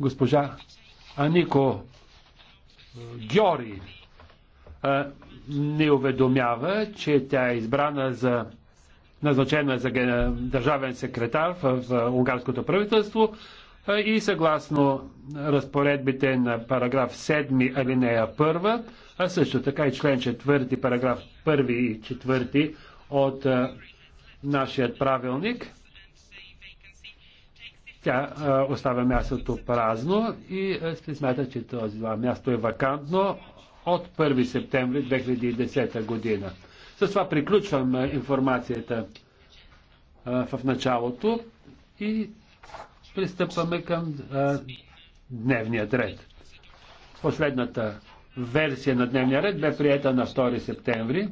госпожа Анико Гьори не уведомява, че тя е избрана за назначена за държавен секретар в унгарското правителство и съгласно разпоредбите на параграф 7 алинея 1, а също така и член 4, параграф 1 и 4 от нашият правилник, тя а, оставя мястото празно и а, се смята, че този място е вакантно от 1 септември 2010 година. С това приключвам а, информацията а, в началото и пристъпваме към а, дневния ред. Последната версия на дневния ред бе приета на 2 септември.